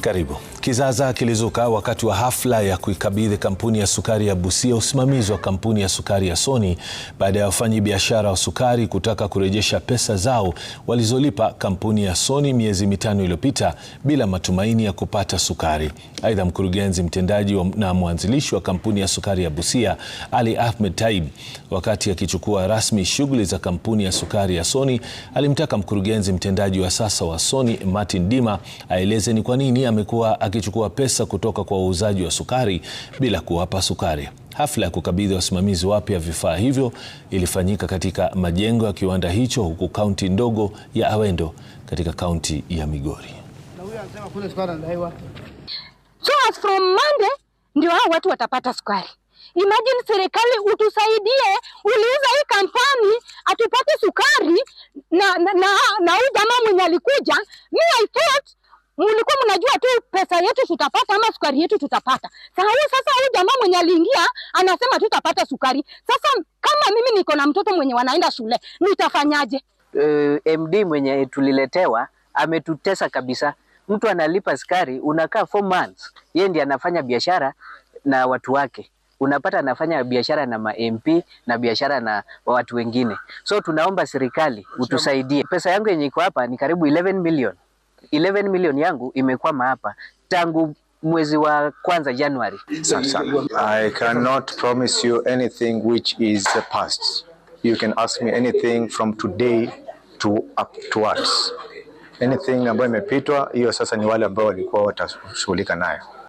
Caribo. Kizaazaa kilizuka wakati wa hafla ya kuikabidhi kampuni ya sukari ya Busia usimamizi wa kampuni ya sukari ya Sony baada ya biashara wa sukari kutaka kurejesha pesa zao walizolipa kampuni ya Sony miezi mitano iliyopita bila matumaini ya kupata sukari. Aidha, mkurugenzi mtendaji na mwanzilishi wa kampuni ya sukari ya Busia Ali Ahmed Taib, wakati akichukua rasmi shughuli za kampuni ya sukari ya Sony, alimtaka mkurugenzi mtendaji wa sasa wa Sony Martin Dima aeleze ni kwa nini amekuwa akichukua pesa kutoka kwa wauzaji wa sukari bila kuwapa sukari. Hafla ya kukabidhi wasimamizi wapya vifaa hivyo ilifanyika katika majengo ya kiwanda hicho huku kaunti ndogo ya Awendo katika kaunti ya Migori. So as from Monday ndio hao watu watapata sukari. Imagine serikali utusaidie, uliuza hii kampani atupate sukari na na na, na huyu jamaa mwenye alikuja, mi I thought Mlikuwa mnajua tu pesa yetu tutapata ama sukari yetu tutapata. Sasa hiyo sasa huyu jamaa mwenye aliingia anasema tutapata sukari. Sasa kama mimi niko na mtoto mwenye wanaenda shule, nitafanyaje? Uh, eh, MD mwenye tuliletewa ametutesa kabisa. Mtu analipa sukari unakaa four months. Yeye ndiye anafanya biashara na watu wake unapata anafanya biashara na ma MP na biashara na watu wengine. So tunaomba serikali utusaidie. Pesa yangu yenye iko hapa ni karibu 11 million. 11 million yangu imekwama hapa tangu mwezi wa kwanza Januari. I cannot promise you anything which is the past. You can ask me anything from today to up towards. Anything ambayo imepitwa hiyo sasa ni wale ambao walikuwa watashughulika nayo.